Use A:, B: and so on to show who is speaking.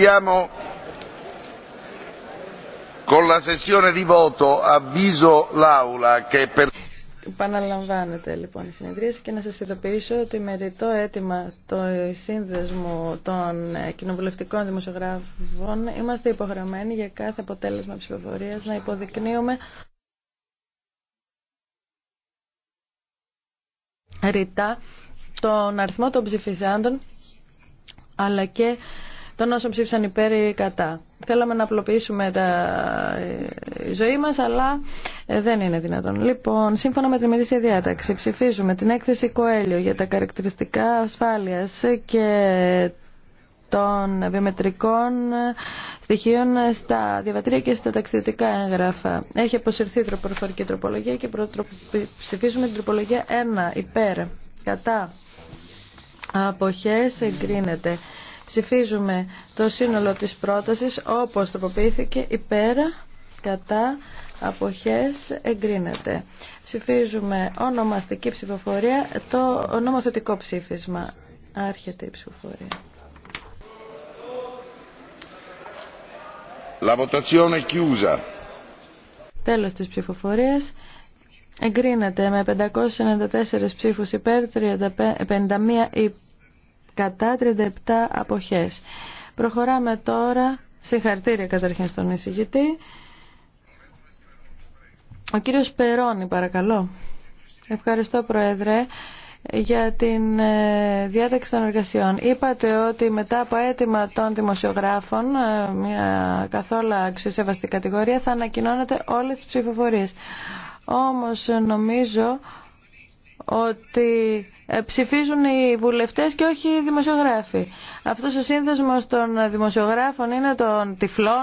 A: Procediamo con
B: Επαναλαμβάνεται λοιπόν η συνεδρίαση και να σας ειδοποιήσω ότι με ρητό αίτημα το σύνδεσμο των ε, κοινοβουλευτικών δημοσιογράφων είμαστε υποχρεωμένοι για κάθε αποτέλεσμα ψηφοφορίας να υποδεικνύουμε ρητά τον αριθμό των ψηφισάντων αλλά και των όσων ψήφισαν υπέρ ή κατά. Θέλαμε να απλοποιήσουμε τα... η ζωή μας, αλλά ε, δεν είναι δυνατόν. Λοιπόν, σύμφωνα με την ημερήσια διάταξη, ψηφίζουμε την έκθεση Κοέλιο για τα χαρακτηριστικά ασφάλειας και των βιομετρικών στοιχείων στα διαβατήρια και στα ταξιδιωτικά έγγραφα. Έχει αποσυρθεί η τροπορφορική τροπολογία και ψηφίζουμε την τροπολογία 1 υπέρ. Κατά. Αποχές εγκρίνεται. Ψηφίζουμε το σύνολο της πρότασης όπως τροποποιήθηκε υπέρ, κατά, αποχές, εγκρίνεται. Ψηφίζουμε ονομαστική ψηφοφορία, το νομοθετικό ψήφισμα. Άρχεται η ψηφοφορία.
A: La votazione chiusa.
B: Τέλος της ψηφοφορίας. Εγκρίνεται με 594 ψήφους υπέρ, 51 υπέρ κατά 37 αποχές. Προχωράμε τώρα, συγχαρτήρια καταρχήν στον εισηγητή. Ο κύριος Περόνι παρακαλώ. Ευχαριστώ Πρόεδρε για την ε, διάταξη των εργασιών. Είπατε ότι μετά από αίτημα των δημοσιογράφων, ε, μια καθόλου αξιοσεβαστή κατηγορία, θα ανακοινώνεται όλες τις ψηφοφορίες. Όμως νομίζω ότι ε, ψηφίζουν οι βουλευτές και όχι οι δημοσιογράφοι. Αυτός ο σύνδεσμος των δημοσιογράφων είναι των τυφλών